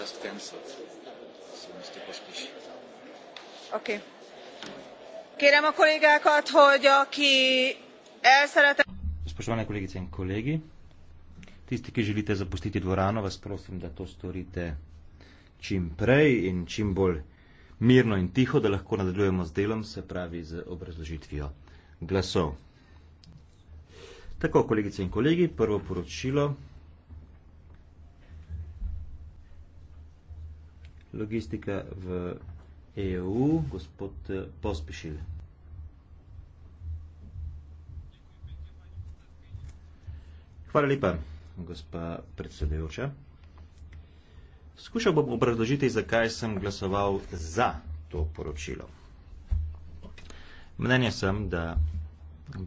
just cancelled. So, Mr. Pospisi. Okay. Kérem a kollégákat, hogy aki el szeretne... Spoštovane kolegice in kolegi, tisti, ki želite zapustiti dvorano, vas prosim, da to storite čim prej in čim bolj mirno in tiho, da lahko nadaljujemo z delom, se pravi z obrazložitvijo glasov. Tako, kolegice in kolegi, prvo poročilo logistika v EU, gospod eh, Pospešil. Hvala lepa, gospa predsedujoča. Skušal bom obrazložiti, zakaj sem glasoval za to poročilo. Mnenja sem, da